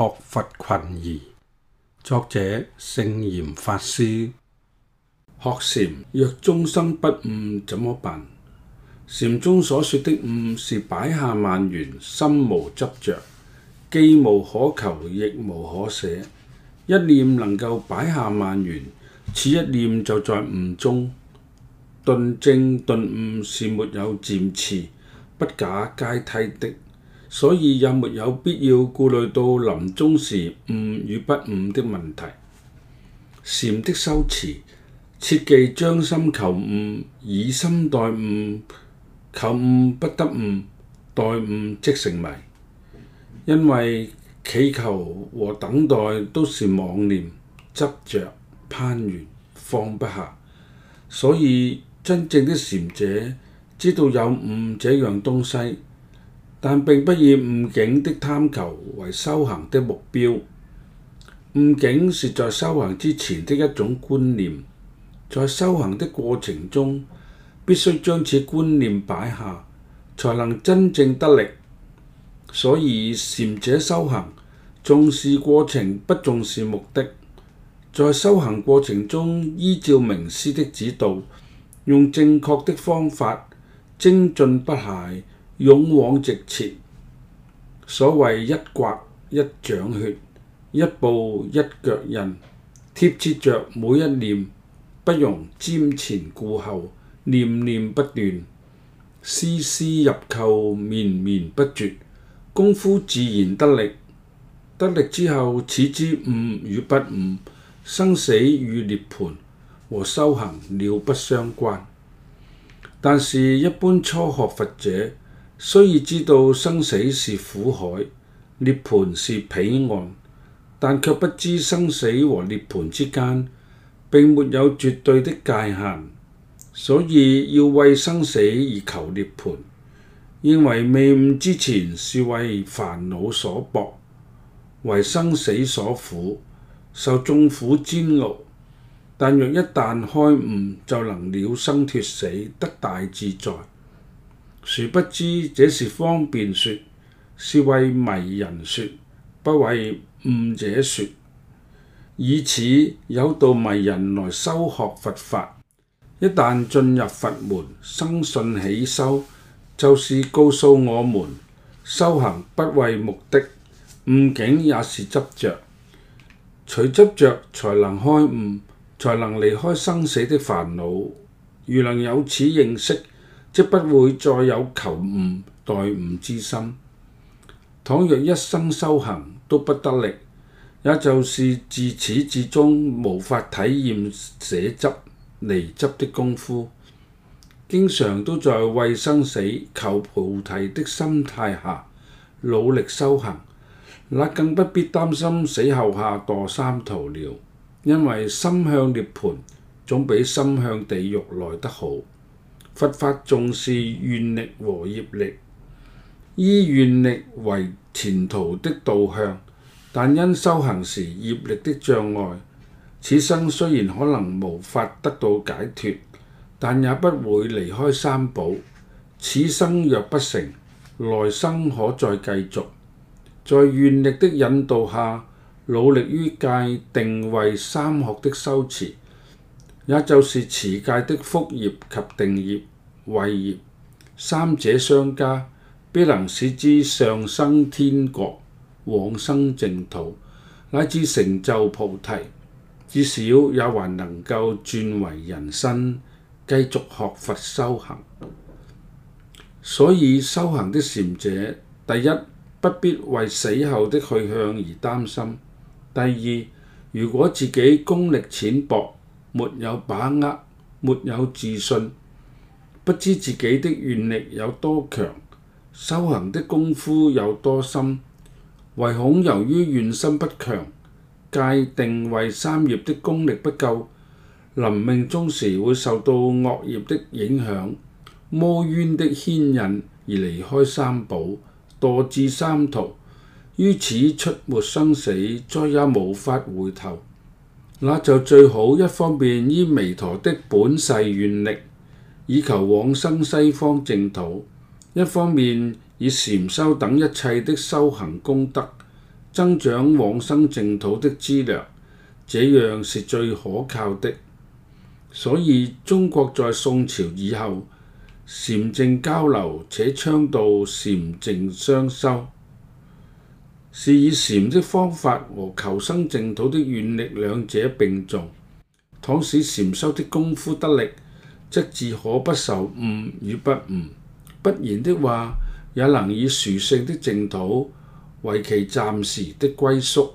學佛群疑，作者聖嚴法師。學禪若終生不悟，怎麼辦？禪中所說的悟是擺下萬緣，心無執着，既無可求，亦無可捨。一念能夠擺下萬緣，此一念就在悟中。頓證頓悟是沒有漸次、不假階梯的。所以也沒有必要顧慮到臨終時悟與不悟的問題。禪的修持，切忌將心求悟，以心待悟，求悟不得悟，待悟即成迷。因為祈求和等待都是妄念、執着、攀緣、放不下。所以真正的禪者知道有悟這樣東西。但並不以悟境的貪求為修行的目標。悟境是在修行之前的一種觀念，在修行的過程中必須將此觀念擺下，才能真正得力。所以禪者修行重視過程，不重視目的。在修行過程中依照明師的指導，用正確的方法精進不懈。勇往直前，所謂一刮一掌血，一步一腳印，貼切着每一念，不容瞻前顧後，念念不斷，絲絲入扣，綿綿不絕，功夫自然得力。得力之後，始知悟與不悟，生死與涅槃和修行了不相關。但是，一般初學佛者，雖然知道生死是苦海，涅槃是彼岸，但卻不知生死和涅槃之間並沒有絕對的界限，所以要為生死而求涅槃，認為未悟之前是為煩惱所縛，為生死所苦，受眾苦煎熬。但若一旦開悟，就能了生脫死，得大自在。殊不知這是方便說，是為迷人說，不為悟者說。以此有道迷人來修學佛法，一旦進入佛門，生信起修，就是告訴我們修行不為目的，悟境也是執着。除執着，才能開悟，才能離開生死的煩惱。如能有此認識。即不會再有求悟待悟之心。倘若一生修行都不得力，也就是自始至終無法體驗捨執離執的功夫。經常都在為生死求菩提的心態下努力修行，那更不必擔心死後下墮三途了。因為心向涅槃總比心向地獄來得好。佛法重視願力和業力，依願力為前途的導向，但因修行時業力的障礙，此生雖然可能無法得到解脫，但也不會離開三寶。此生若不成，來生可再繼續，在願力的引導下，努力於戒定慧三學的修持。也就是持戒的福業及定業慧業三者相加，必能使之上生天國，往生淨土，乃至成就菩提，至少也還能夠轉為人身，繼續學佛修行。所以修行的禪者，第一不必為死後的去向而擔心；第二，如果自己功力淺薄，沒有把握，沒有自信，不知自己的願力有多強，修行的功夫有多深，唯恐由於願心不強，戒定為三業的功力不夠，臨命終時會受到惡業的影響，魔冤的牽引而離開三寶，墮至三途，於此出沒生死，再也無法回頭。那就最好，一方面依彌陀的本誓願力，以求往生西方淨土；一方面以禪修等一切的修行功德，增長往生淨土的資糧，這樣是最可靠的。所以中國在宋朝以後禪淨交流且正，且倡導禪淨雙修。是以禪的方法和求生淨土的願力兩者並重。倘使禪修的功夫得力，則自可不受悟與不悟，不然的話也能以殊勝的淨土為其暫時的歸宿。